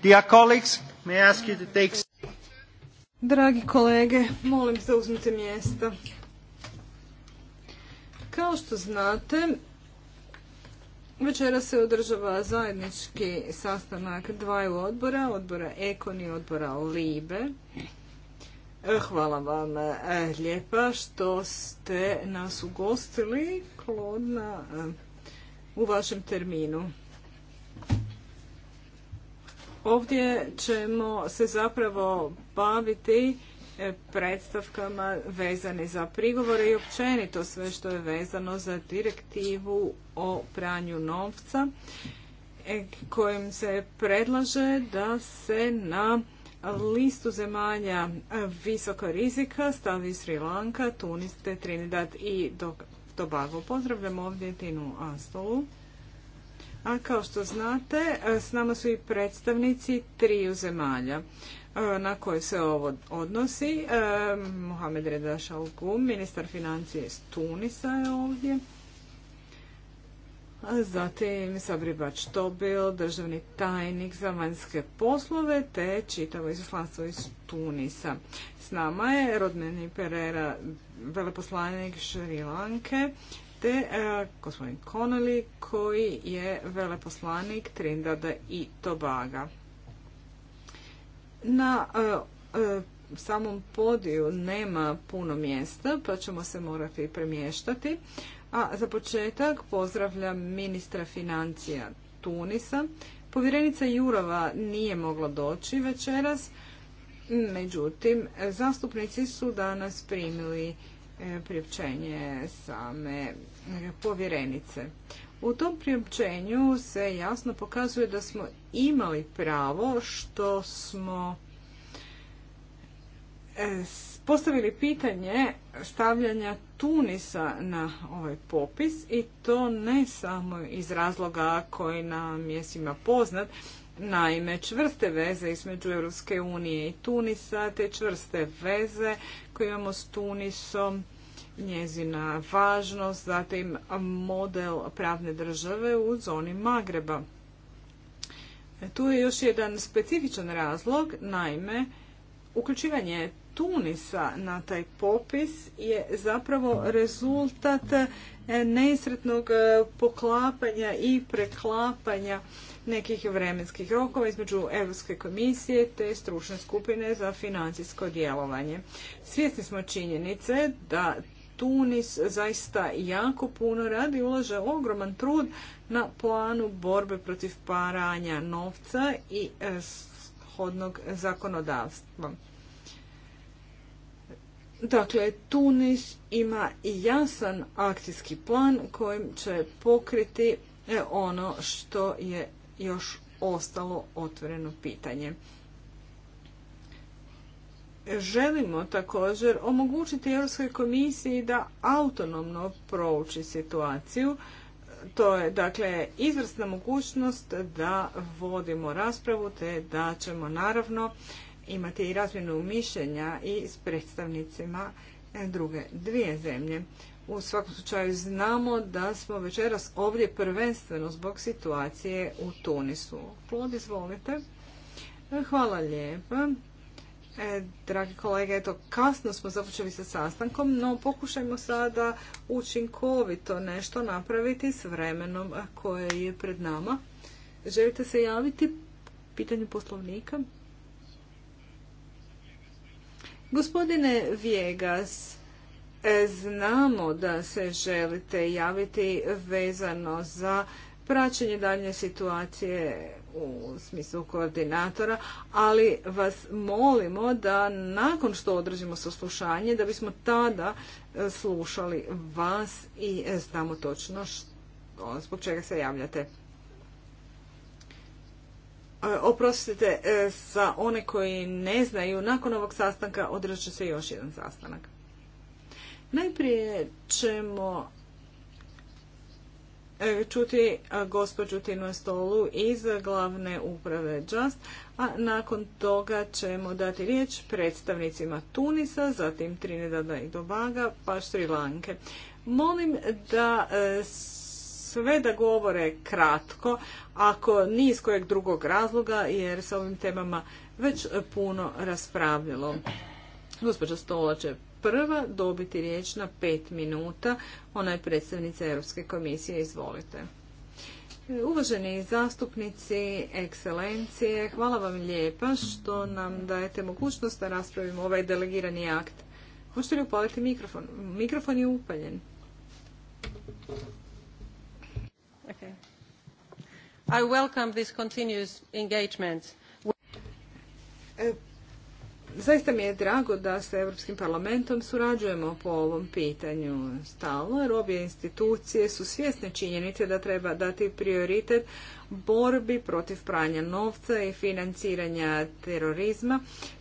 dear Dragi kolege, molim se uzmite mjesta. Kao što znate, večera se održava zajednički sastanak dvaju odbora, odbora Ekon i odbora Libe. E, hvala vam e, lijepa što ste nas ugostili, Klodna, e, u vašem terminu. Ovdje ćemo se zapravo baviti e, predstavkama vezane za prigovore i općenito sve što je vezano za direktivu o pranju novca e, kojim se predlaže da se na listu zemalja visoka rizika stavi Sri Lanka, Tunis, Trinidad i Tobago. Pozdravljam ovdje Tinu Astolu. A kao što znate, e, s nama su i predstavnici triju zemalja e, na koje se ovo odnosi. E, Mohamed Reda Šalgum, ministar financije iz Tunisa je ovdje. Zatim Sabri Bač Tobil, državni tajnik za vanjske poslove, te čitavo izoslanstvo iz Tunisa. S nama je Rodmeni Pereira, veleposlanik Šri te e, gospodin Connolly koji je veleposlanik Trindada i Tobaga. Na e, e, samom podiju nema puno mjesta pa ćemo se morati premještati. A za početak pozdravljam ministra financija Tunisa. Povjerenica Jurova nije mogla doći večeras, međutim, zastupnici su danas primili E, priopćenje same e, povjerenice. U tom priopćenju se jasno pokazuje da smo imali pravo što smo e, postavili pitanje stavljanja Tunisa na ovaj popis i to ne samo iz razloga koji nam je svima poznat, Naime, čvrste veze između Europske unije i Tunisa, te čvrste veze koje imamo s Tunisom njezina važnost, zatim model pravne države u zoni Magreba. E, tu je još jedan specifičan razlog, naime, uključivanje Tunisa na taj popis je zapravo rezultat e, nesretnog e, poklapanja i preklapanja nekih vremenskih rokova između Europske komisije te stručne skupine za financijsko djelovanje. Svjesni smo činjenice da Tunis zaista jako puno radi, ulaže ogroman trud na planu borbe protiv paranja novca i e, shodnog zakonodavstva. Dakle, Tunis ima jasan akcijski plan kojim će pokriti e, ono što je još ostalo otvoreno pitanje želimo također omogućiti Europskoj komisiji da autonomno prouči situaciju. To je dakle izvrsna mogućnost da vodimo raspravu te da ćemo naravno imati i razmjenu mišljenja i s predstavnicima druge dvije zemlje. U svakom slučaju znamo da smo večeras ovdje prvenstveno zbog situacije u Tunisu. Hvala lijepa. E, dragi kolege, eto, kasno smo započeli sa sastankom, no pokušajmo sada učinkovito nešto napraviti s vremenom koje je pred nama. Želite se javiti? pitanju poslovnika. Gospodine Vjegas, e, znamo da se želite javiti vezano za praćenje daljnje situacije u smislu koordinatora, ali vas molimo da nakon što održimo saslušanje, da bismo tada e, slušali vas i e, znamo točno zbog čega se javljate. E, oprostite, sa one koji ne znaju, nakon ovog sastanka održat će se još jedan sastanak. Najprije ćemo E, čuti gospođu Tinu Stolu iz glavne uprave Just, a nakon toga ćemo dati riječ predstavnicima Tunisa, zatim Trinidada i Dobaga, pa Šri Lanke. Molim da e, sve da govore kratko, ako ni iz kojeg drugog razloga, jer se ovim temama već e, puno raspravljalo. Gospođa Stola će prva dobiti riječ na pet minuta. Ona je predstavnica Europske komisije. Izvolite. Uvaženi zastupnici, ekscelencije, hvala vam lijepa što nam dajete mogućnost da raspravimo ovaj delegirani akt. Možete li upaliti mikrofon? Mikrofon je upaljen. Okay. I welcome this engagement. E, Zaista mi je drago da sa Europskim parlamentom surađujemo po ovom pitanju stalno, jer obje institucije su svjesne činjenice da treba dati prioritet borbi protiv pranja novca i financiranja terorizma,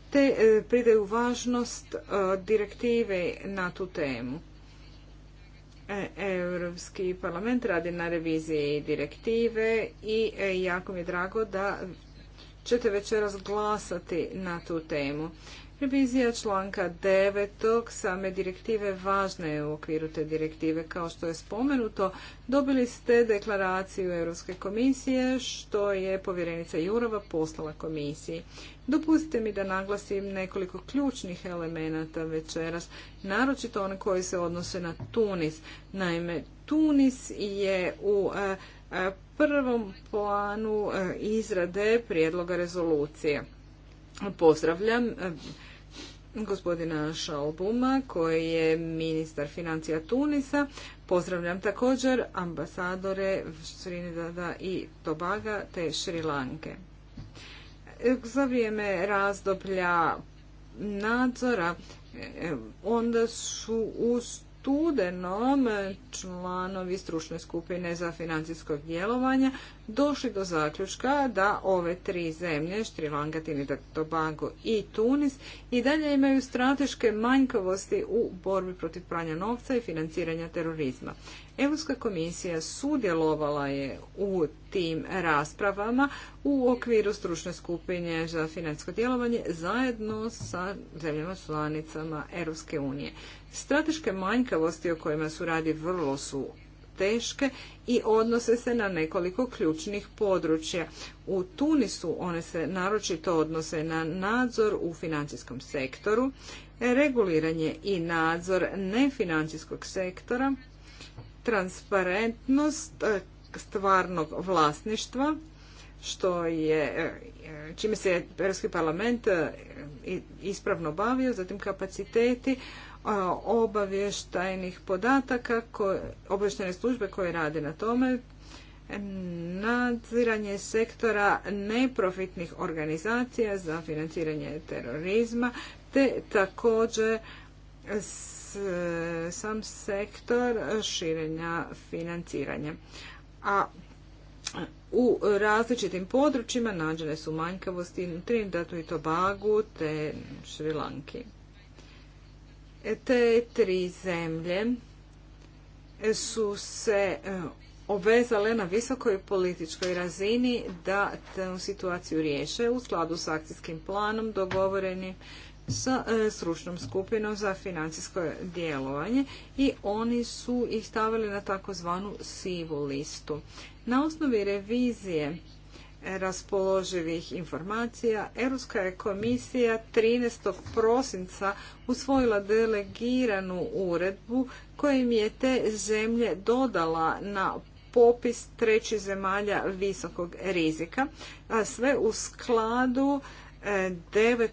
te e, pridaju važnost e, direktive na tu temu. E, Europski parlament radi na reviziji direktive i jako mi je drago da ćete večeras glasati na tu temu. Revizija članka 9. same direktive važna je u okviru te direktive. Kao što je spomenuto, dobili ste deklaraciju Europske komisije što je povjerenica Jurova poslala komisiji. Dopustite mi da naglasim nekoliko ključnih elemenata večeras, naročito one koji se odnose na Tunis. Naime, Tunis je u eh, prvom planu e, izrade prijedloga rezolucije. Pozdravljam e, gospodina Šalbuma koji je ministar financija Tunisa. Pozdravljam također ambasadore Srinidada i Tobaga te Šrilanke. E, za vrijeme razdoblja nadzora onda su uz studenom članovi stručne skupine za financijsko djelovanje došli do zaključka da ove tri zemlje, Štrilanga, Trinidad, Tobago i Tunis, i dalje imaju strateške manjkavosti u borbi protiv pranja novca i financiranja terorizma. Europska komisija sudjelovala je u tim raspravama u okviru stručne skupine za financijsko djelovanje zajedno sa zemljama članicama Europske unije. Strateške manjkavosti o kojima su radi vrlo su teške i odnose se na nekoliko ključnih područja. U Tunisu one se naročito odnose na nadzor u financijskom sektoru, reguliranje i nadzor nefinancijskog sektora, transparentnost e, stvarnog vlasništva, što je, e, čime se je Europski parlament e, ispravno bavio, zatim kapaciteti, obavještajnih podataka, obavještajne službe koje rade na tome, nadziranje sektora neprofitnih organizacija za financiranje terorizma, te također sam sektor širenja financiranja. A u različitim područjima nađene su manjkavosti u Trinidadu i Tobagu te Šrilanki. Te tri zemlje su se e, obvezale na visokoj političkoj razini da tu situaciju riješe u skladu s akcijskim planom dogovorenim sa e, stručnom skupinom za financijsko djelovanje i oni su ih stavili na takozvanu sivu listu. Na osnovi revizije raspoloživih informacija, Europska je komisija 13. prosinca usvojila delegiranu uredbu kojim je te zemlje dodala na popis trećih zemalja visokog rizika, a sve u skladu e,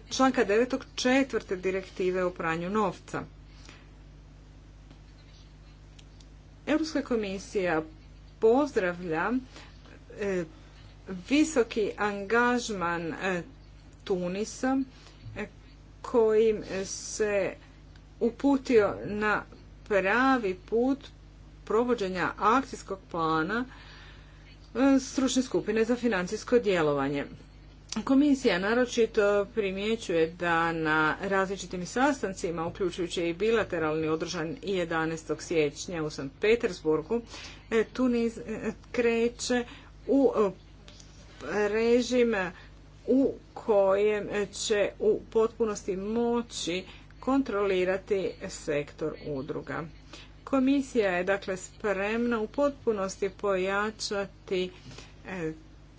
članka 9. četvrte direktive o pranju novca. Europska komisija pozdravlja e, visoki angažman e, Tunisa e, kojim se uputio na pravi put provođenja akcijskog plana e, stručne skupine za financijsko djelovanje. Komisija naročito primjećuje da na različitim sastancima, uključujući i bilateralni održan 11. siječnja u St. Petersburgu, Tunis kreće u režim u kojem će u potpunosti moći kontrolirati sektor udruga. Komisija je dakle spremna u potpunosti pojačati e,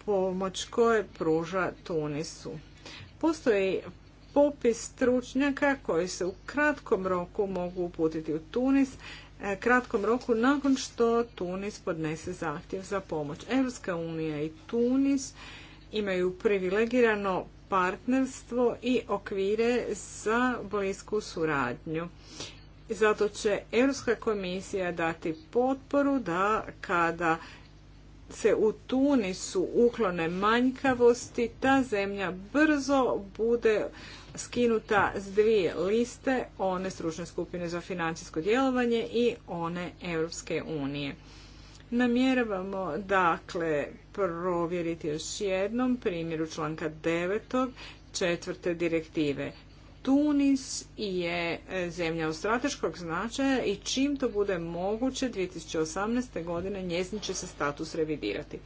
pomoć koje pruža Tunisu. Postoji popis stručnjaka koji se u kratkom roku mogu uputiti u Tunis E, kratkom roku nakon što Tunis podnese zahtjev za pomoć. Europska unija i Tunis imaju privilegirano partnerstvo i okvire za blisku suradnju. Zato će Europska komisija dati potporu da kada se u Tunisu uklone manjkavosti, ta zemlja brzo bude skinuta s dvije liste, one stručne skupine za financijsko djelovanje i one Europske unije. Namjeravamo dakle provjeriti još jednom primjeru članka 9. četvrte direktive. Tunis je zemlja od strateškog značaja i čim to bude moguće 2018. godine njezin će se status revidirati.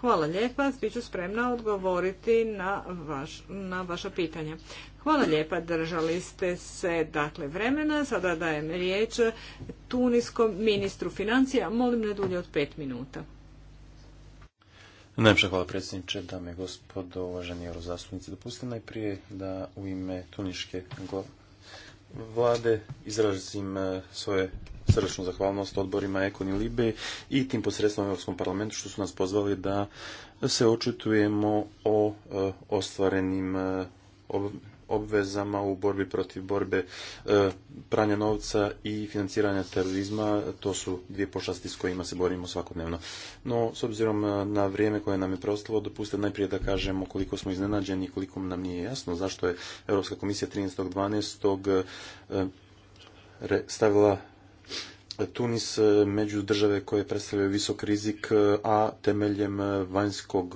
Hvala lijepa, bit ću spremna odgovoriti na, vaš, na vaša pitanja. Hvala lijepa, držali ste se dakle vremena. Sada dajem riječ tuniskom ministru financija. Molim ne dulje od pet minuta. Najpša hvala predsjedniče, dame i gospodo, uvaženi eurozastupnici. Dopustite najprije da u ime tuniške vlade izrazim e, svoje srdečnu zahvalnost odborima Ekon i Libe i tim posredstvom Europskom parlamentu što su nas pozvali da se očitujemo o e, ostvarenim e, obvezama u borbi protiv borbe e, pranja novca i financiranja terorizma. To su dvije pošasti s kojima se borimo svakodnevno. No, s obzirom e, na vrijeme koje nam je preostalo, dopustite najprije da kažemo koliko smo iznenađeni i koliko nam nije jasno zašto je Europska komisija 13.12. E, stavila Dakle, Tunis e, među države koje predstavljaju visok rizik, e, a temeljem e, vanjskog,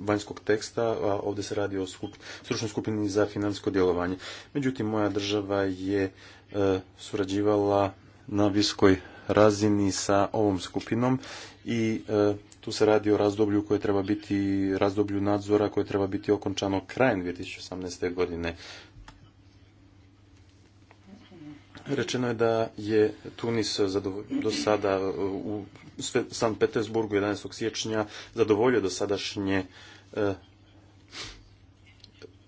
vanjskog teksta, a ovdje se radi o skup, stručnoj skupini za financijsko djelovanje. Međutim, moja država je surađivala na visokoj razini sa ovom skupinom i tu se radi o razdoblju koje treba biti razdoblju nadzora koje treba biti okončano krajem 2018. godine. Rečeno je da je Tunis do sada u San Petersburgu 11. siječnja zadovoljio dosadašnje e,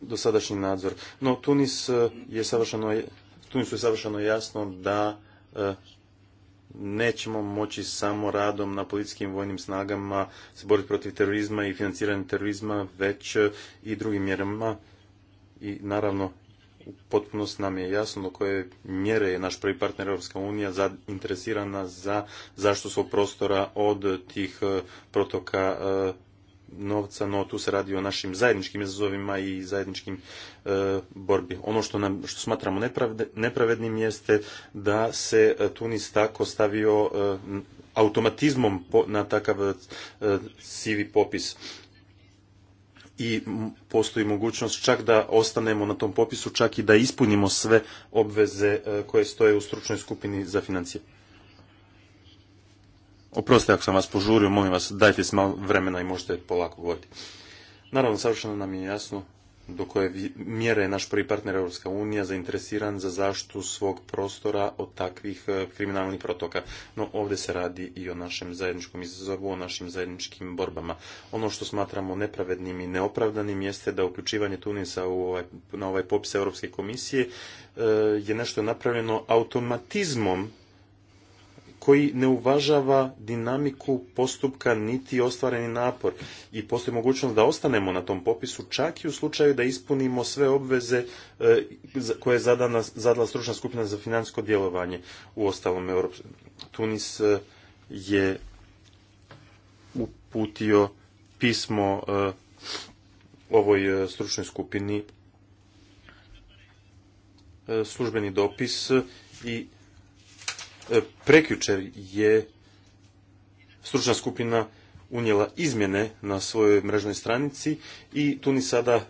dosadašnji nadzor. No Tunis e, je savršeno Tunisu je savršeno jasno da e, nećemo moći samo radom na policijskim vojnim snagama se boriti protiv terorizma i financiranja terorizma, već i drugim mjerama i naravno potpunosti nam je jasno do koje mjere je naš prvi partner Europska unija zainteresirana za zaštitu svog prostora od tih e, protoka e, novca, no tu se radi o našim zajedničkim izazovima i zajedničkim e, borbi. Ono što, nam, što smatramo nepravednim jeste da se Tunis tako stavio automatizmom na takav sivi popis i postoji mogućnost čak da ostanemo na tom popisu, čak i da ispunimo sve obveze e, koje stoje u stručnoj skupini za financije. Oprostite ako sam vas požurio, molim vas, dajte se malo vremena i možete polako govoriti. Naravno, savršeno nam je jasno do koje mjere je naš prvi partner Europska unija zainteresiran za zaštitu svog prostora od takvih e, kriminalnih protoka. No ovdje se radi i o našem zajedničkom izazovu, o našim zajedničkim borbama. Ono što smatramo nepravednim i neopravdanim jeste da uključivanje Tunisa u ovaj, na ovaj popis Europske komisije e, je nešto napravljeno automatizmom koji ne uvažava dinamiku postupka niti ostvareni napor i postoji mogućnost da ostanemo na tom popisu čak i u slučaju da ispunimo sve obveze e, koje je zadana, zadala stručna skupina za financijsko djelovanje u ostalom Europsku. Tunis e, je uputio pismo e, ovoj stručnoj skupini službeni dopis i E, prekjučer je stručna skupina unijela izmjene na svojoj mrežnoj stranici i ni sada,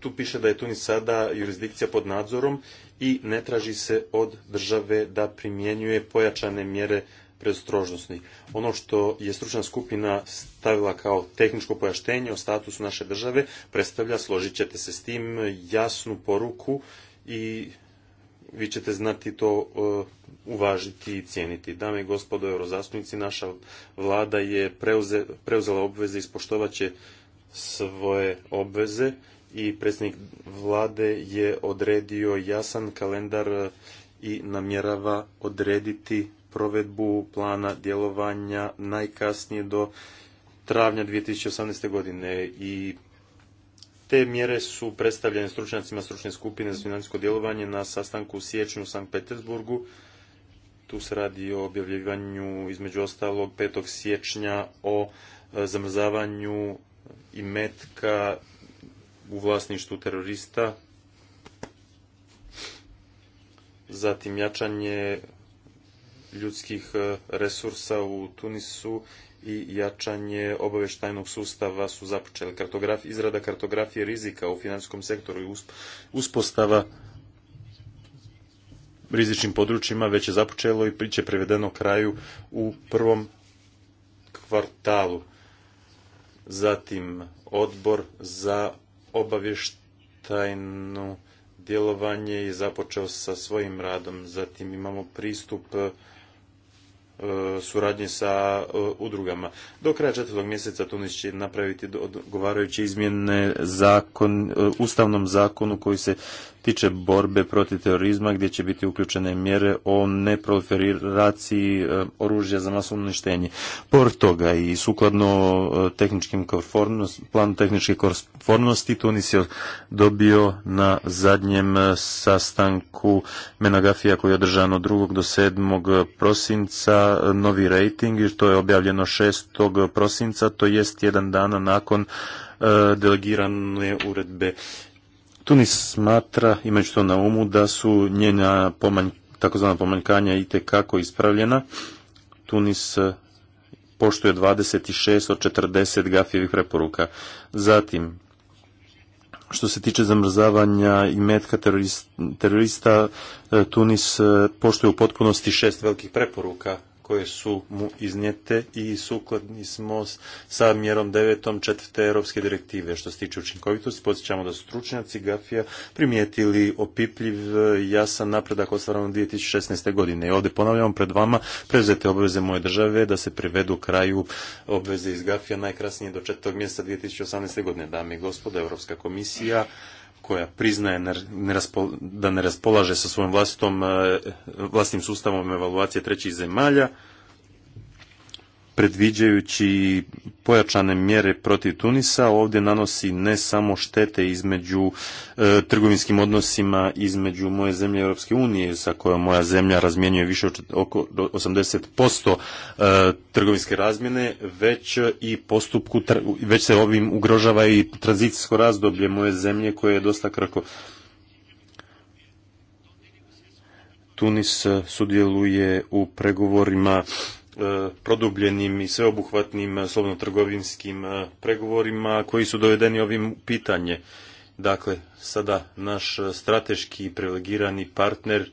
tu piše da je tu ni sada jurisdikcija pod nadzorom i ne traži se od države da primjenjuje pojačane mjere predostrožnosti. Ono što je stručna skupina stavila kao tehničko pojaštenje o statusu naše države predstavlja, složit ćete se s tim, jasnu poruku i vi ćete znati to e, uvažiti i cijeniti. Dame i gospodo eurozastupnici, naša vlada je preuzela obveze, ispoštovat će svoje obveze i predsjednik vlade je odredio jasan kalendar e, i namjerava odrediti provedbu plana djelovanja najkasnije do travnja 2018. godine i te mjere su predstavljene stručnjacima stručne skupine za financijsko djelovanje na sastanku u siječnju u Sankt Petersburgu. Tu se radi o objavljivanju između ostalog 5. siječnja o e, zamrzavanju imetka u vlasništvu terorista, zatim jačanje ljudskih e, resursa u Tunisu i jačanje obaveštajnog sustava su započeli. izrada kartografije rizika u financijskom sektoru i uspostava rizičnim područjima već je započelo i priče prevedeno kraju u prvom kvartalu. Zatim odbor za obavještajno djelovanje je započeo sa svojim radom. Zatim imamo pristup E, suradnje sa e, udrugama. Do kraja četvrtog mjeseca Tunis će napraviti odgovarajuće izmjene zakon, e, ustavnom zakonu koji se tiče borbe protiv terorizma gdje će biti uključene mjere o neproliferaciji e, oružja za masovno uništenje. Pored toga i sukladno e, tehničkim planu tehničke konformnosti Tunis je dobio na zadnjem e, sastanku Menagafija koji je održano 2. do 7. prosinca novi rejting i to je objavljeno 6. prosinca, to jest jedan dana nakon delegirane uredbe Tunis smatra, imajući to na umu, da su njena pomanj, takozvana pomanjkanja i kako ispravljena. Tunis eh, poštuje 26 od 40 gafijevih preporuka. Zatim, što se tiče zamrzavanja i metka terorista, eh, Tunis eh, poštuje u potpunosti šest velikih preporuka koje su mu iznijete i sukladni smo sa mjerom devetom četvrte europske direktive. Što se tiče učinkovitosti, podsjećamo da su stručnjaci Gafija primijetili opipljiv eh, jasan napredak ostvaren 2016. godine. I ovdje ponavljamo pred vama preuzete obveze moje države da se privedu kraju obveze iz Gafija najkrasnije do četvrtog mjesta 2018. godine. Dame i gospodo, Europska komisija koja priznaje da ne raspolaže sa svojim vlastitom, eh, vlastnim sustavom evaluacije trećih zemalja predviđajući pojačane mjere protiv Tunisa ovdje nanosi ne samo štete između e, trgovinskim odnosima između moje zemlje i Europske unije sa kojom moja zemlja razmjenjuje više od oko 80% e, trgovinske razmjene već i postupku već se ovim ugrožava i tranzicijsko razdoblje moje zemlje koje je dosta krako Tunis e, sudjeluje u pregovorima E, produbljenim i sveobuhvatnim e, slovno trgovinskim e, pregovorima koji su dovedeni ovim pitanje. Dakle, sada naš strateški privilegirani partner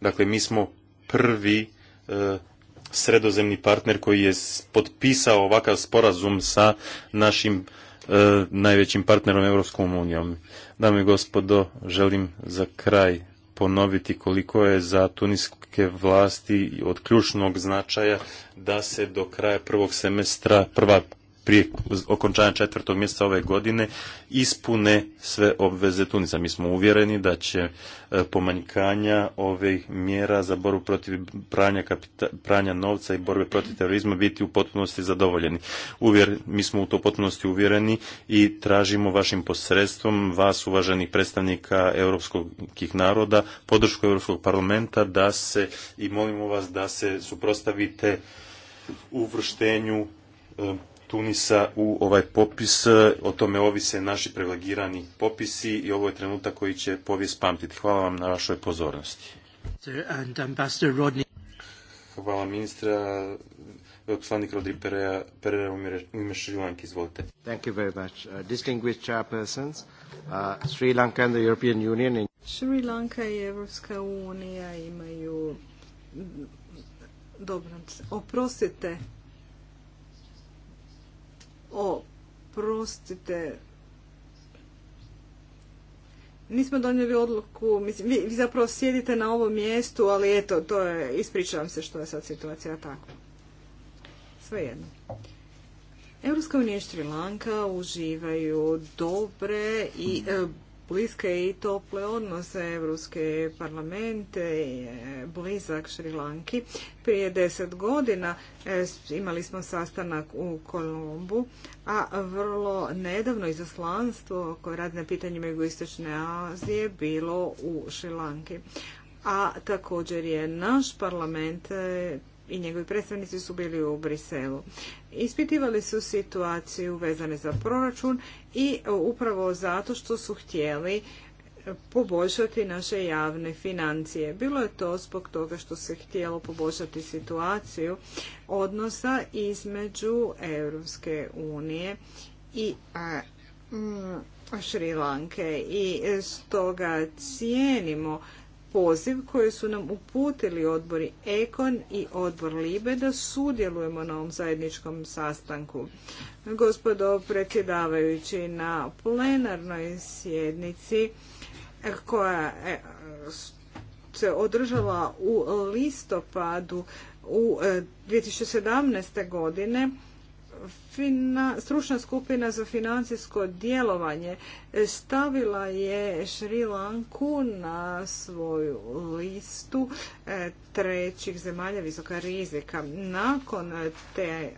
Dakle, mi smo prvi sredozemni partner koji je potpisao ovakav sporazum sa našim E, najvećim partnerom Europskom unijom. Dame i gospodo, želim za kraj ponoviti koliko je za tuniske vlasti od ključnog značaja da se do kraja prvog semestra prva prije okončanja četvrtog mjeseca ove godine ispune sve obveze Tunisa. Mi smo uvjereni da će e, pomanjkanja ovih mjera za borbu protiv pranja, pranja novca i borbe protiv terorizma biti u potpunosti zadovoljeni. mi smo u to potpunosti uvjereni i tražimo vašim posredstvom vas uvaženih predstavnika europskih naroda, podršku Europskog parlamenta da se i molimo vas da se suprostavite uvrštenju e, Tunisa u ovaj popis. O tome ovise naši privilegirani popisi i ovo je trenutak koji će povijest pamtiti. Hvala vam na vašoj pozornosti. Hvala ministra. slanik Rodri Pereira, u ime Šrilanki, izvolite. Thank you very much. Uh, distinguished uh, Sri Lanka and the European Union. In... Sri Lanka i Evropska unija imaju dobro, oprostite, o, prostite. Nismo donijeli odluku, mislim, vi, zapravo sjedite na ovom mjestu, ali eto, to je, ispričavam se što je sad situacija takva. Svejedno. Europska unija i Lanka uživaju dobre i e, bliske i tople odnose Evropske parlamente i blizak Šrilanki. Prije deset godina e, imali smo sastanak u Kolombu, a vrlo nedavno izaslanstvo koje radi na pitanjima jugoistočne Azije bilo u Šrilanki. A također je naš parlament e, i njegovi predstavnici su bili u Briselu. Ispitivali su situaciju vezane za proračun i e, upravo zato što su htjeli e, poboljšati naše javne financije. Bilo je to zbog toga što se htjelo poboljšati situaciju odnosa između Europske unije i e, Šrilanke i stoga cijenimo poziv koji su nam uputili odbori Ekon i odbor Libe da sudjelujemo na ovom zajedničkom sastanku. Gospodo predsjedavajući na plenarnoj sjednici eh, koja eh, se održala u listopadu u 2017. Eh, godine stručna skupina za financijsko djelovanje stavila je Šri Lanku na svoju listu e, trećih zemalja visoka rizika. Nakon te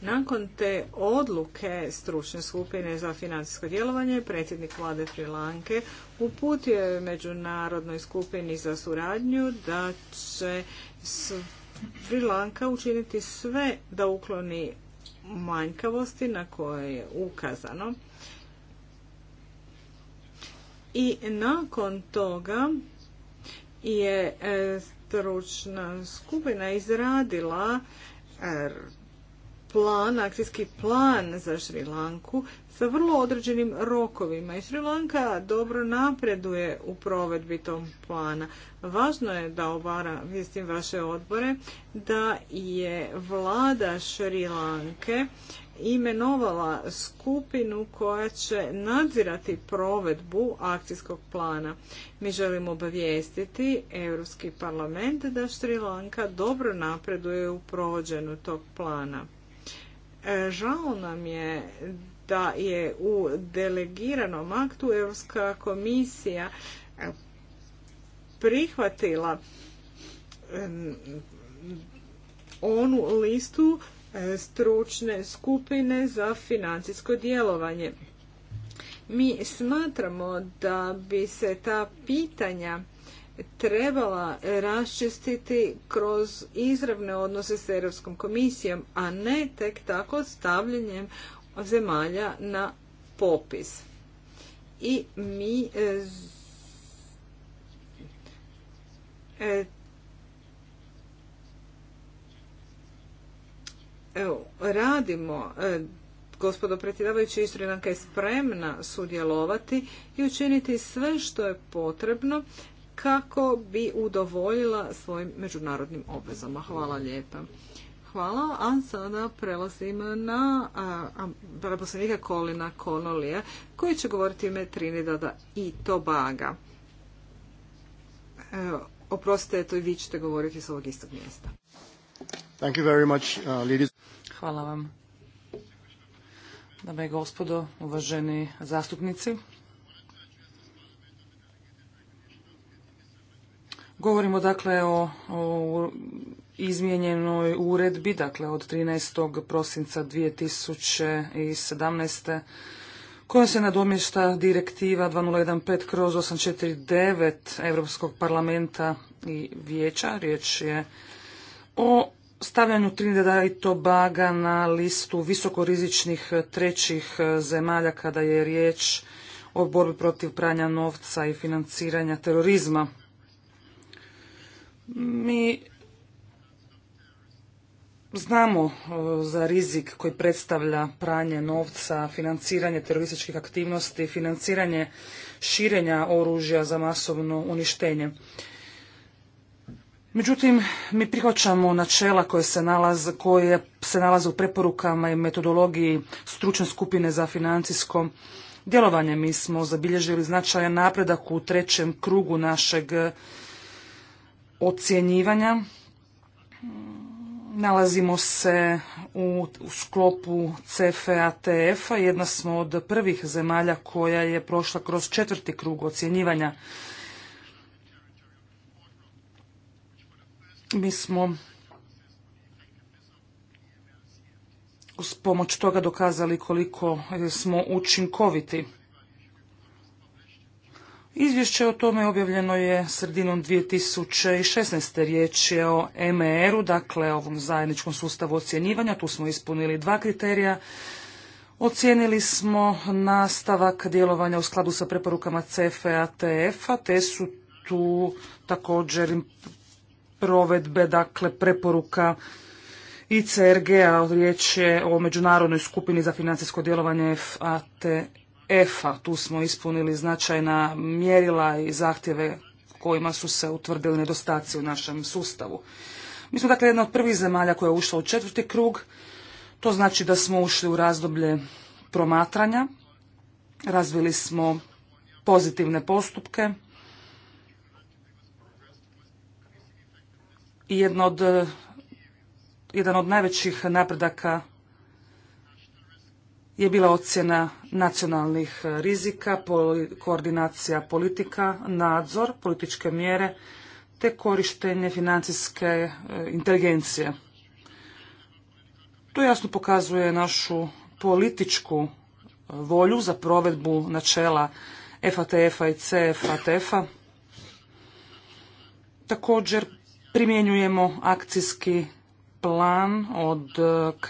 nakon te odluke stručne skupine za financijsko djelovanje, predsjednik vlade Lanke uputio je međunarodnoj skupini za suradnju da će Sri Lanka učiniti sve da ukloni manjkavosti na koje je ukazano. I nakon toga je e, stručna skupina izradila e, plan, akcijski plan za Šrilanku sa vrlo određenim rokovima i Šrilanka dobro napreduje u provedbi tom plana. Važno je da obara, vijestim vaše odbore, da je vlada Šrilanke imenovala skupinu koja će nadzirati provedbu akcijskog plana. Mi želimo obavijestiti Europski parlament da Šrilanka dobro napreduje u provođenju tog plana. E, žao nam je da je u delegiranom aktu Europska komisija e, prihvatila e, onu listu stručne skupine za financijsko djelovanje. Mi smatramo da bi se ta pitanja trebala raščistiti kroz izravne odnose s Europskom komisijom, a ne tek tako stavljanjem zemalja na popis. I mi e, e, radimo e, Gospodo predsjedavajući, istorijanka je spremna sudjelovati i učiniti sve što je potrebno kako bi udovoljila svojim međunarodnim obvezama. Hvala lijepa. Hvala, a sada prelazim na preposlenika Kolina Konolija koji će govoriti ime Trinidada i Tobaga. E, oprostite, to i vi ćete govoriti s ovog istog mjesta. Uh, Hvala vam. Dame i gospodo, uvaženi zastupnici, Govorimo dakle o, izmijenjenoj uredbi, dakle od 13. prosinca 2017. koja se nadomješta direktiva 2015 kroz 849 Europskog parlamenta i vijeća. Riječ je o stavljanju Trinidada i Tobaga na listu visokorizičnih trećih zemalja kada je riječ o borbi protiv pranja novca i financiranja terorizma. Mi znamo e, za rizik koji predstavlja pranje novca, financiranje terorističkih aktivnosti, financiranje širenja oružja za masovno uništenje. Međutim, mi prihvaćamo načela koje se nalaze, koje se nalaze u preporukama i metodologiji stručne skupine za financijsko djelovanje. Mi smo zabilježili značajan napredak u trećem krugu našeg ocjenjivanja nalazimo se u, u sklopu CFATF-a. Jedna smo od prvih zemalja koja je prošla kroz četvrti krug ocjenjivanja. Mi smo s pomoć toga dokazali koliko smo učinkoviti. Izvješće o tome objavljeno je sredinom 2016. riječ je o MER-u, dakle ovom zajedničkom sustavu ocjenjivanja. Tu smo ispunili dva kriterija. Ocijenili smo nastavak djelovanja u skladu sa preporukama cfatf a te su tu također provedbe, dakle preporuka ICRG-a, riječ je o Međunarodnoj skupini za financijsko djelovanje FATF EFA. Tu smo ispunili značajna mjerila i zahtjeve kojima su se utvrdili nedostaci u našem sustavu. Mi smo dakle jedna od prvih zemalja koja je ušla u četvrti krug. To znači da smo ušli u razdoblje promatranja. Razvili smo pozitivne postupke. I od, jedan od najvećih napredaka je bila ocjena nacionalnih rizika, koordinacija politika, nadzor, političke mjere te korištenje financijske e, inteligencije. To jasno pokazuje našu političku e, volju za provedbu načela FATF-a i CFATF-a. Također primjenjujemo akcijski plan od,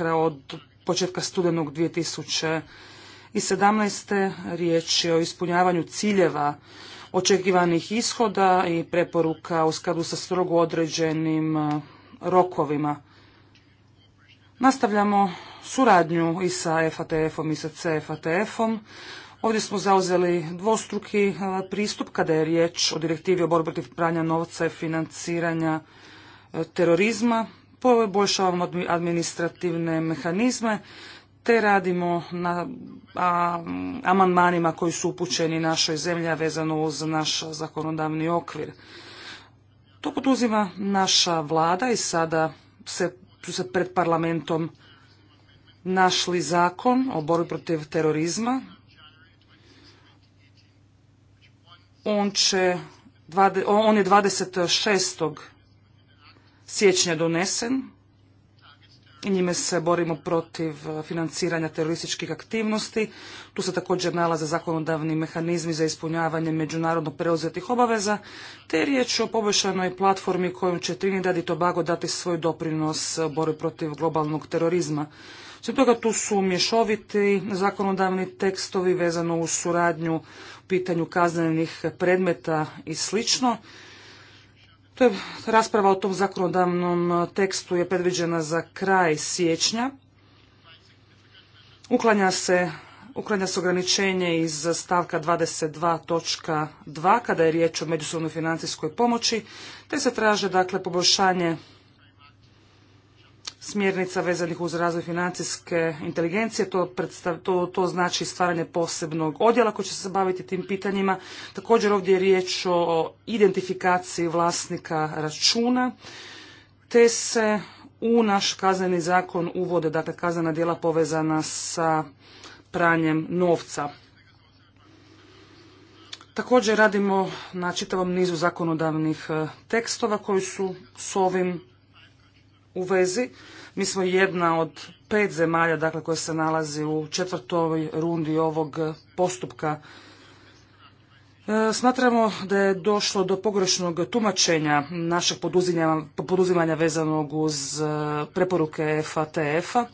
e, od početka studenog 2017. riječ je o ispunjavanju ciljeva očekivanih ishoda i preporuka u skladu sa strogo određenim e, rokovima. Nastavljamo suradnju i sa FATF-om i sa CFATF-om. Ovdje smo zauzeli dvostruki e, pristup kada je riječ o direktivi o borbi protiv pranja novca i financiranja e, terorizma poboljšavamo administrativne mehanizme, te radimo na amandmanima koji su upućeni našoj zemlji, vezano uz naš zakonodavni okvir. To poduzima naša vlada i sada se, su se pred parlamentom našli zakon o borbi protiv terorizma. On, će, on je 26 siječnja donesen i njime se borimo protiv e, financiranja terorističkih aktivnosti. Tu se također nalaze zakonodavni mehanizmi za ispunjavanje međunarodno preuzetih obaveza, te je riječ o poboljšanoj platformi kojom će Trinidad i Tobago dati svoj doprinos e, borbi protiv globalnog terorizma. Sve toga tu su mješoviti zakonodavni tekstovi vezano u suradnju, u pitanju kaznenih predmeta i slično je rasprava o tom zakonodavnom tekstu je predviđena za kraj siječnja. Uklanja se Uklanja se ograničenje iz stavka 22.2 kada je riječ o međusobnoj financijskoj pomoći, te se traže dakle poboljšanje smjernica vezanih uz razvoj financijske inteligencije. To, to, to znači stvaranje posebnog odjela koji će se baviti tim pitanjima. Također ovdje je riječ o identifikaciji vlasnika računa, te se u naš kazneni zakon uvode dakle, kaznena djela povezana sa pranjem novca. Također radimo na čitavom nizu zakonodavnih e, tekstova koji su s ovim u vezi. Mi smo jedna od pet zemalja dakle, koje se nalazi u četvrtoj rundi ovog postupka. E, smatramo da je došlo do pogrešnog tumačenja našeg poduzimanja, poduzimanja vezanog uz e, preporuke FATF-a.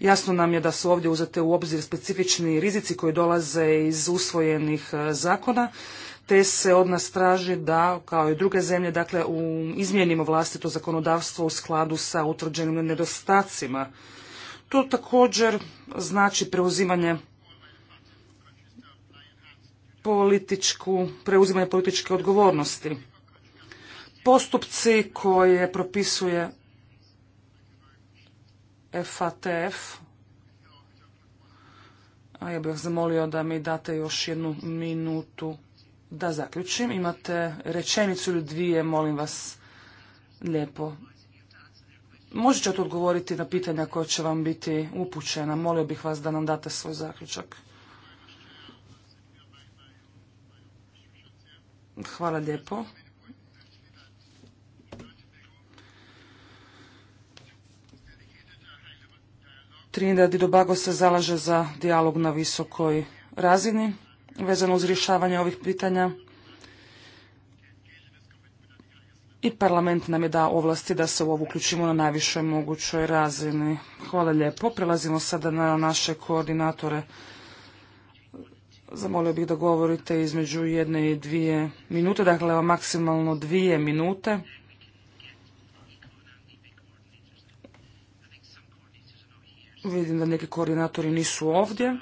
Jasno nam je da su ovdje uzete u obzir specifični rizici koji dolaze iz usvojenih e, zakona te se od nas traži da, kao i druge zemlje, dakle, u, izmijenimo vlastito zakonodavstvo u skladu sa utvrđenim nedostacima. To također znači preuzimanje političku, preuzimanje političke odgovornosti. Postupci koje propisuje FATF, a ja bih zamolio da mi date još jednu minutu da zaključim, imate rečenicu ili dvije, molim vas lijepo. Možete ćete odgovoriti na pitanja koja će vam biti upućena. Molio bih vas da nam date svoj zaključak. Hvala lijepo. Trinidad i Dobago se zalaže za dijalog na visokoj razini vezano uz rješavanje ovih pitanja. I parlament nam je dao ovlasti da se u uključimo na najvišoj mogućoj razini. Hvala lijepo. Prelazimo sada na naše koordinatore. Zamolio bih da govorite između jedne i dvije minute, dakle maksimalno dvije minute. Vidim da neki koordinatori nisu ovdje.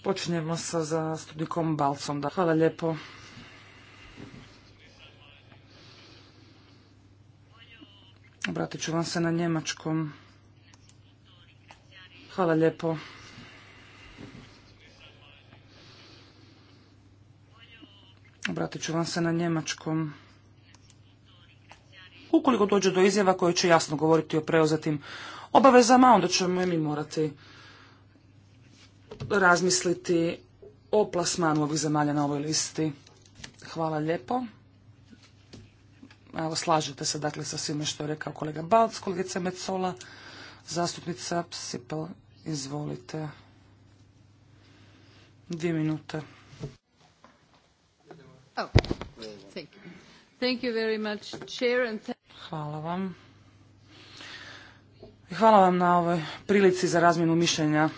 Počinjemo sa zastupnikom Balcom. Hvala lijepo. Obratit ću vam se na njemačkom. Hvala lijepo. Obratit ću vam se na njemačkom. Ukoliko dođe do izjava koje će jasno govoriti o preuzetim obavezama, onda ćemo i mi morati razmisliti o plasmanu ovih zemalja na ovoj listi. Hvala lijepo. Evo, slažete se dakle sa svime što je rekao kolega Balc, kolegica Mecola, zastupnica Sipel, izvolite. Dvije minute. Hvala vam. Hvala vam na ovoj prilici za razmjenu mišljenja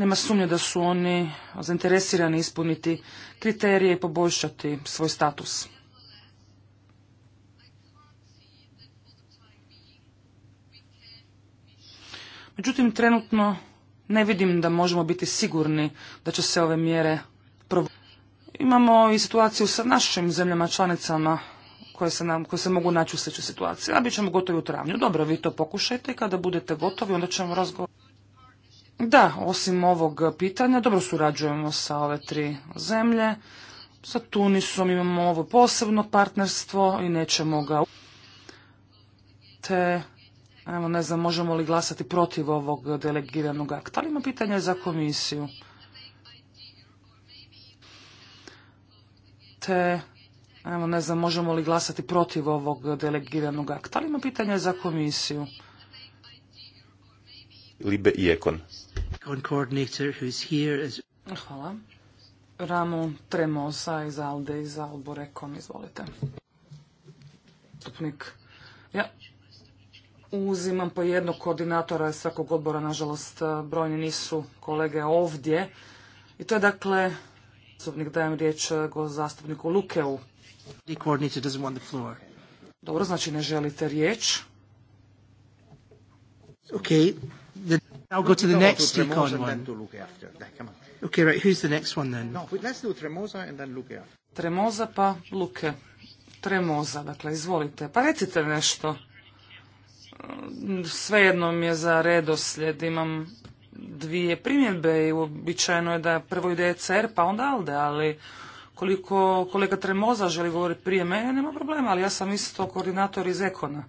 Nema sumnje da su oni zainteresirani ispuniti kriterije i poboljšati svoj status. Međutim, trenutno ne vidim da možemo biti sigurni da će se ove mjere provoditi. Imamo i situaciju sa našim zemljama članicama koje se, mogu naći u sličnoj situaciji. A bit ćemo gotovi u travnju. Dobro, vi to pokušajte i kada budete gotovi onda ćemo razgovarati. Da, osim ovog pitanja, dobro surađujemo sa ove tri zemlje. Sa Tunisom imamo ovo posebno partnerstvo i nećemo ga... Te, evo ne znam, možemo li glasati protiv ovog delegiranog akta, ali ima pitanje za komisiju. Te, evo ne znam, možemo li glasati protiv ovog delegiranog akta, ali ima pitanje za komisiju. Libe i Ekon coordinator here is... Hvala. Ramu Tremosa iz Alde iz Alborekom, izvolite. Stupnik. Ja uzimam po jednog koordinatora svakog odbora, nažalost brojni nisu kolege ovdje. I to je dakle, zastupnik dajem riječ eh, go zastupniku Lukeu. Dobro, znači ne želite riječ. Okay, I'll go to the next Come on. Okay, right. Who's the next one then? No, let's do Tremosa and then Tremosa pa Luke. Tremosa, dakle, izvolite. Pa recite nešto. Svejedno mi je za redoslijed. Imam dvije primjedbe i uobičajeno je da prvo ide ECR pa onda ALDE, ali koliko kolega Tremoza želi govoriti prije mene, nema problema, ali ja sam isto koordinator iz Ekona.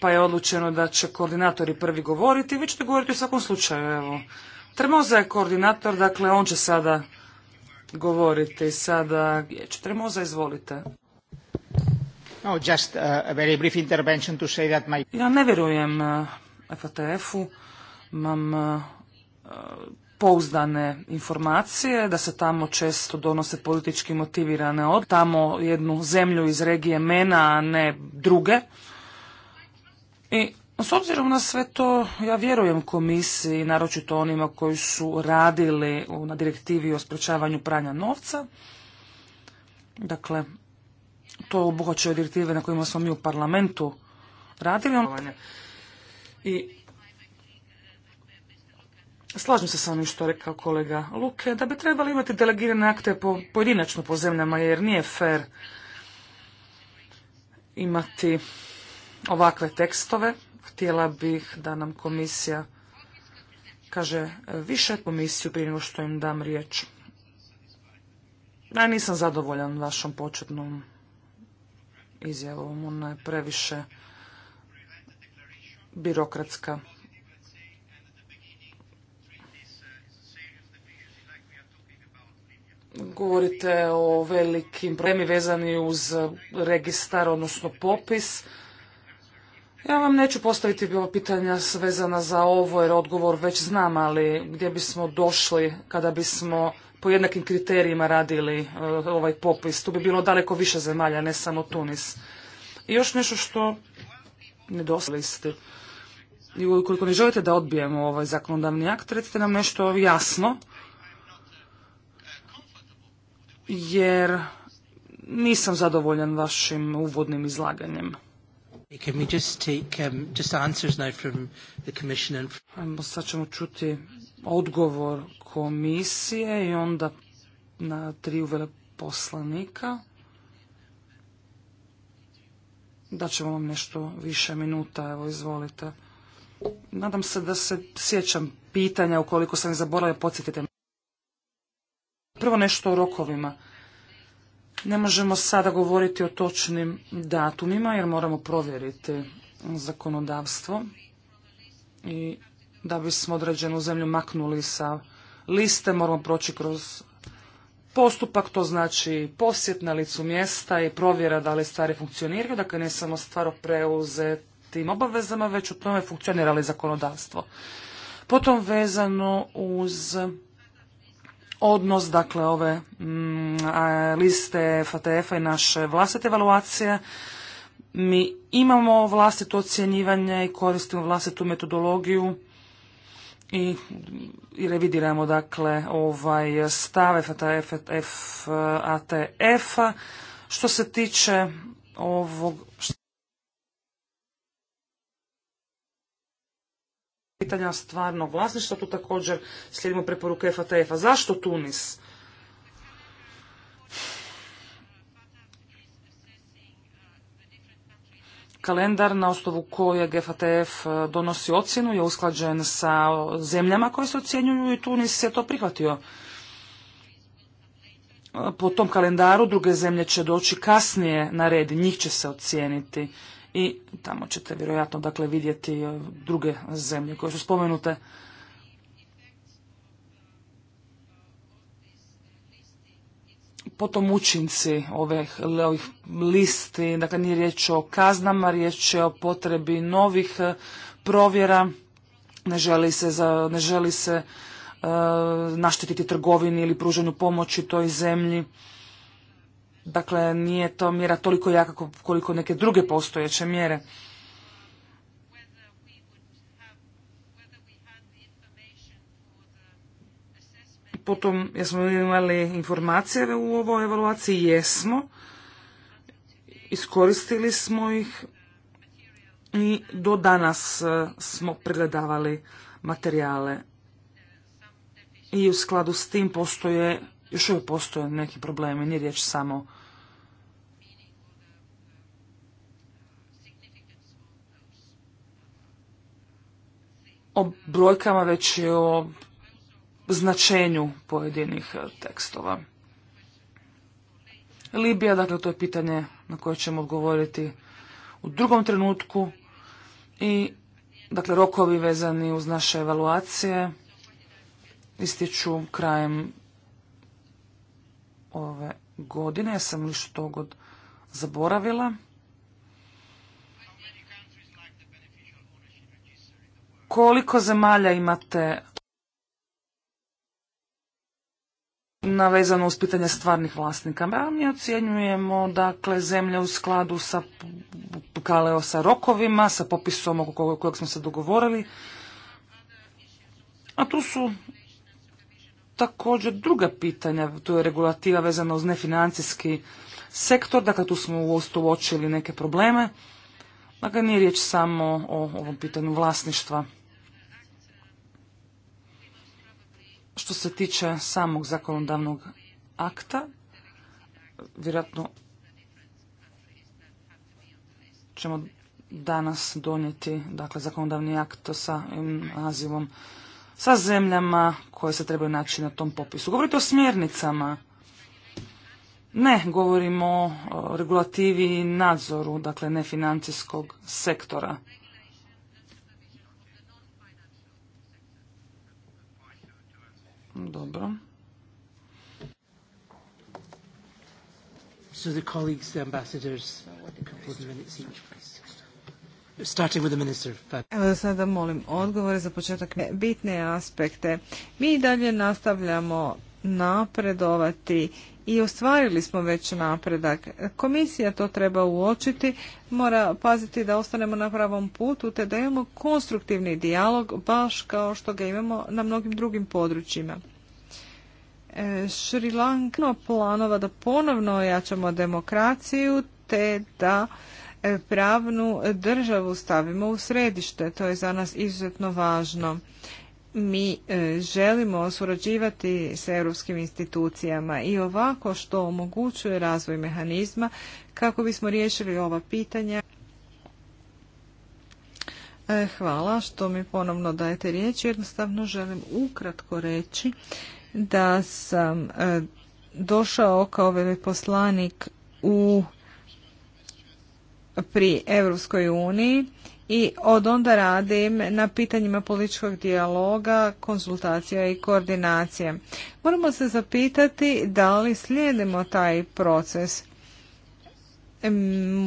Pa je odlučeno da će koordinatori prvi govoriti, vi ćete govoriti u svakom slučaju, evo. Tremoza je koordinator, dakle on će sada govoriti. Sada, Tremoza, izvolite. No, uh, Ja ne vjerujem uh, FATF-u, imam uh, pouzdane informacije, da se tamo često donose politički motivirane od tamo jednu zemlju iz regije MENA, a ne druge. I s obzirom na sve to, ja vjerujem komisiji, naročito onima koji su radili na direktivi o sprečavanju pranja novca. Dakle, to obuhvaćaju direktive na kojima smo mi u parlamentu radili. I Slažem se sa onim što je rekao kolega Luke, da bi trebali imati delegirane akte po, pojedinačno po zemljama, jer nije fair imati ovakve tekstove. Htjela bih da nam komisija kaže više komisiju prije nego što im dam riječ. Ja nisam zadovoljan vašom početnom izjavom, ona je previše birokratska. Govorite o velikim problemi vezani uz registar, odnosno popis. Ja vam neću postaviti bilo pitanja vezana za ovo jer odgovor već znam, ali gdje bismo došli kada bismo po jednakim kriterijima radili e, ovaj popis. Tu bi bilo daleko više zemalja, ne samo Tunis. I još nešto što nedostali ste. I ukoliko ne želite da odbijemo ovaj zakonodavni akt, recite nam nešto jasno jer nisam zadovoljan vašim uvodnim izlaganjem. Can sad ćemo čuti odgovor komisije i onda na tri poslanika. Daćemo vam nešto više minuta, evo izvolite. Nadam se da se sjećam pitanja, ukoliko sam ih zaboravio, podsjetite me. Prvo nešto o rokovima. Ne možemo sada govoriti o točnim datumima jer moramo provjeriti zakonodavstvo i da bismo određenu zemlju maknuli sa liste moramo proći kroz postupak, to znači posjet na licu mjesta i provjera da li stvari funkcioniraju, dakle ne samo stvar o preuzetim obavezama, već u tome funkcionira li zakonodavstvo. Potom vezano uz odnos dakle ove mm, liste FATF-a i naše vlastite evaluacije. Mi imamo vlastito ocjenjivanje i koristimo vlastitu metodologiju i, i revidiramo dakle ovaj stav FATF-a. Što se tiče ovog pitanja stvarnog vlasništva, tu također slijedimo preporuke FATF-a. Zašto Tunis? kalendar na osnovu kojeg FATF donosi ocjenu je usklađen sa zemljama koje se ocjenjuju i Tunis je to prihvatio. Po tom kalendaru druge zemlje će doći kasnije na red, njih će se ocijeniti i tamo ćete vjerojatno dakle vidjeti e, druge zemlje koje su spomenute. Potom učinci ovih, ovih listi, dakle nije riječ o kaznama, riječ je o potrebi novih e, provjera, ne želi se, ne želi se e, naštetiti trgovini ili pružanju pomoći toj zemlji. Dakle, nije to mjera toliko jaka koliko neke druge postojeće mjere. Potom, jesmo imali informacije u ovoj evaluaciji? Jesmo. Iskoristili smo ih i do danas e, smo pregledavali materijale. I u skladu s tim postoje još uvijek postoje neki problemi, nije riječ samo o brojkama, već i o značenju pojedinih e, tekstova. Libija, dakle, to je pitanje na koje ćemo odgovoriti u drugom trenutku i, dakle, rokovi vezani uz naše evaluacije ističu krajem ove godine. Ja sam li što god zaboravila. Koliko zemalja imate navezano uz pitanje stvarnih vlasnika. Ja, pa, mi ocjenjujemo dakle zemlje u skladu sa kaleo sa rokovima, sa popisom oko kojeg smo se dogovorili. A tu su također druga pitanja, tu je regulativa vezana uz nefinancijski sektor, dakle tu smo uočili neke probleme. Dakle, nije riječ samo o ovom pitanju vlasništva. Što se tiče samog zakonodavnog akta, vjerojatno ćemo danas donijeti dakle, zakonodavni akt sa nazivom sa zemljama koje se trebaju naći na tom popisu. Govorite o smjernicama. Ne, govorimo o regulativi nadzoru, dakle ne sektora. Dobro. the colleagues, ambassadors, Starting with da sada molim odgovore za početak e, bitne aspekte. Mi dalje nastavljamo napredovati i ostvarili smo već napredak. Komisija to treba uočiti, mora paziti da ostanemo na pravom putu te da imamo konstruktivni dijalog baš kao što ga imamo na mnogim drugim područjima. E, planova da ponovno ojačamo demokraciju te da pravnu državu stavimo u središte. To je za nas izuzetno važno. Mi e, želimo surađivati s europskim institucijama i ovako što omogućuje razvoj mehanizma kako bismo riješili ova pitanja. E, hvala što mi ponovno dajete riječ. Jednostavno želim ukratko reći da sam e, došao kao veleposlanik u pri Europskoj uniji i od onda radim na pitanjima političkog dijaloga, konsultacija i koordinacije. Moramo se zapitati da li slijedimo taj proces.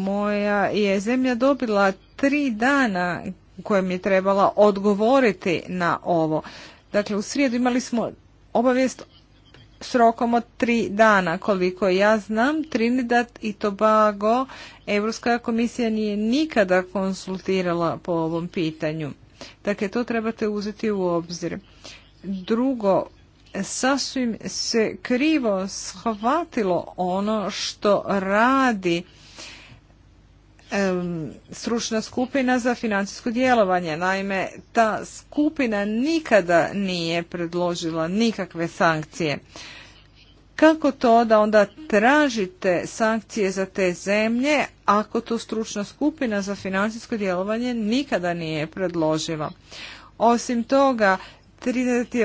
Moja je zemlja dobila tri dana u kojem je trebala odgovoriti na ovo. Dakle, u srijedu imali smo obavijest s rokom od tri dana. Koliko ja znam, Trinidad i Tobago, Europska komisija nije nikada konsultirala po ovom pitanju. Dakle, to trebate uzeti u obzir. Drugo, sasvim se krivo shvatilo ono što radi stručna skupina za financijsko djelovanje. Naime, ta skupina nikada nije predložila nikakve sankcije. Kako to da onda tražite sankcije za te zemlje ako to stručna skupina za financijsko djelovanje nikada nije predložila? Osim toga,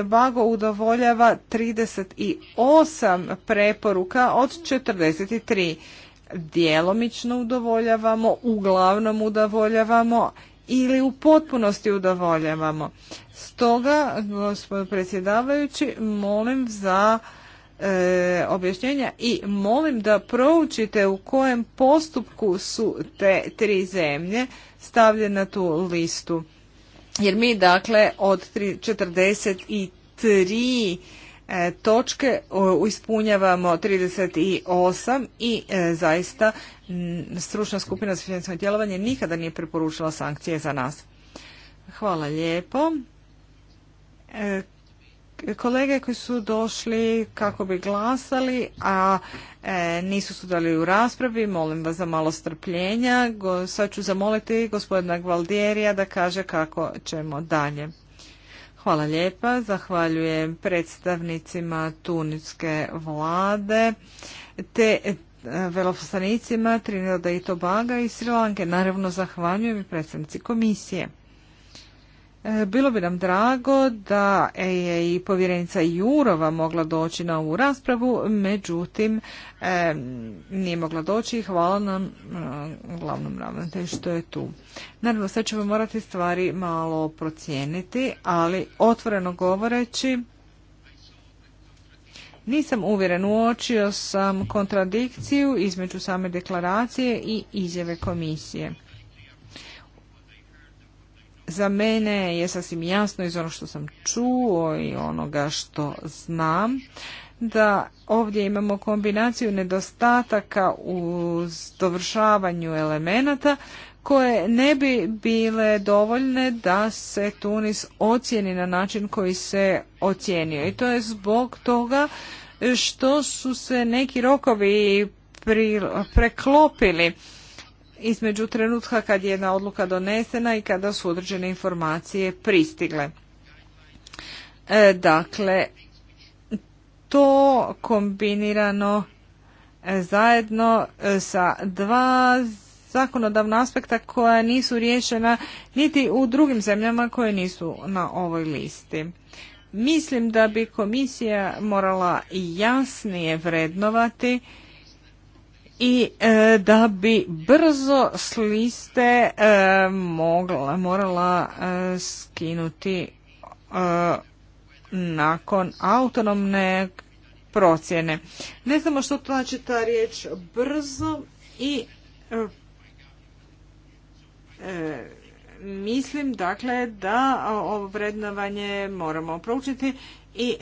bago udovoljava 38 preporuka od 43 djelomično udovoljavamo, uglavnom udovoljavamo ili u potpunosti udovoljavamo. Stoga, gospodin predsjedavajući, molim za e, objašnjenja i molim da proučite u kojem postupku su te tri zemlje stavljene na tu listu. Jer mi dakle od 43 E, točke ispunjavamo 38 i e, zaista stručna skupina za financijsko djelovanje nikada nije preporučila sankcije za nas. Hvala lijepo. E, kolege koji su došli kako bi glasali, a nisu sudali u raspravi, molim vas za malo strpljenja. Sad ću zamoliti gospodina Gvaldjerija da kaže kako ćemo dalje. Hvala lijepa. Zahvaljujem predstavnicima tuniske vlade te e, veloposlanicima Trinidada i Tobaga i Sri Lanke. Naravno, zahvaljujem i predstavnici komisije. E, bilo bi nam drago da je i povjerenica Jurova mogla doći na ovu raspravu, međutim e, nije mogla doći i hvala nam e, glavnom ravnatelju što je tu. Naravno sad ćemo morati stvari malo procijeniti, ali otvoreno govoreći nisam uvjeren, uočio sam kontradikciju između same deklaracije i izjave komisije. Za mene je sasvim jasno iz ono što sam čuo i onoga što znam da ovdje imamo kombinaciju nedostataka u dovršavanju elemenata koje ne bi bile dovoljne da se Tunis ocijeni na način koji se ocijenio. I to je zbog toga što su se neki rokovi preklopili između trenutka kad je jedna odluka donesena i kada su određene informacije pristigle. E, dakle, to kombinirano e, zajedno e, sa dva zakonodavna aspekta koja nisu riješena niti u drugim zemljama koje nisu na ovoj listi. Mislim da bi komisija morala jasnije vrednovati i e, da bi brzo s liste e, mogla, morala e, skinuti nakon autonomne procjene. Ne znamo što to znači ta riječ brzo i mislim dakle da ovo vrednovanje moramo proučiti i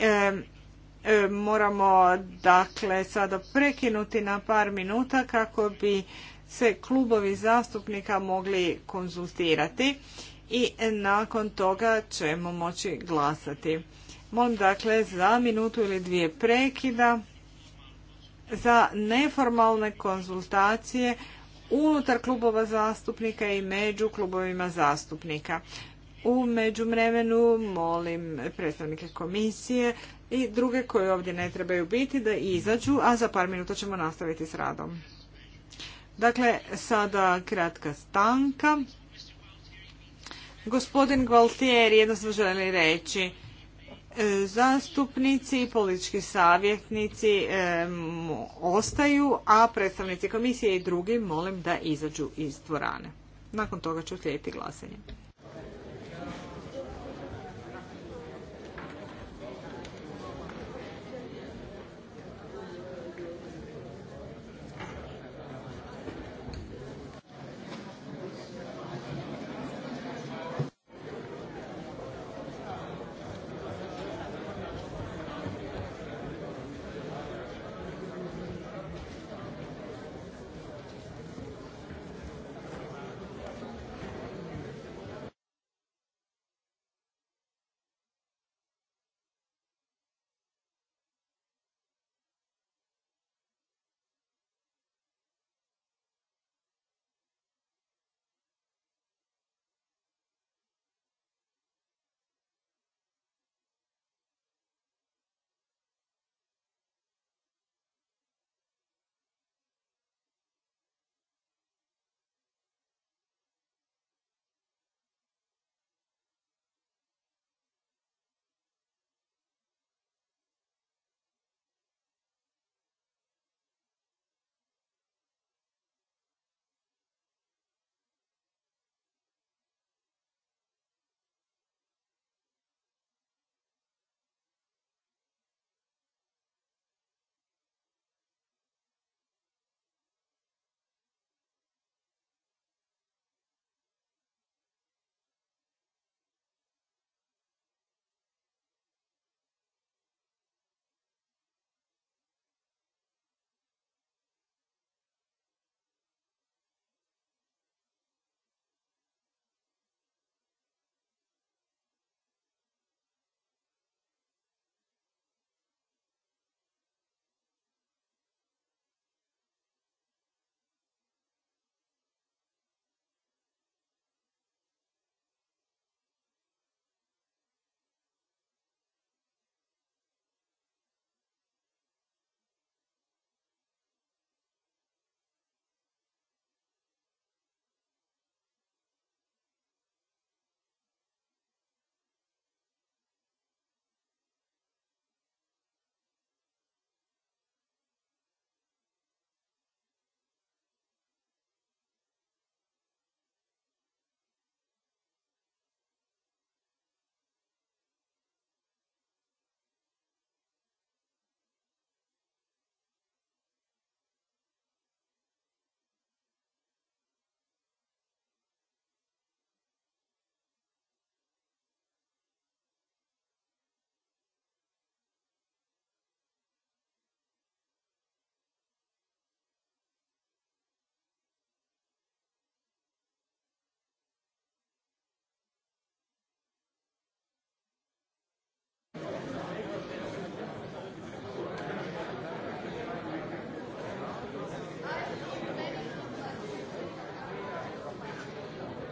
E, moramo dakle sada prekinuti na par minuta kako bi se klubovi zastupnika mogli konzultirati i nakon toga ćemo moći glasati. Molim dakle za minutu ili dvije prekida za neformalne konzultacije unutar klubova zastupnika i među klubovima zastupnika. U međuvremenu molim predstavnike komisije i druge koji ovdje ne trebaju biti da izađu, a za par minuta ćemo nastaviti s radom. Dakle, sada kratka stanka. Gospodin Gualtieri, jedno smo želi reći. E, zastupnici i politički savjetnici e, ostaju, a predstavnici komisije i drugi molim da izađu iz dvorane. Nakon toga ću slijediti glasanje.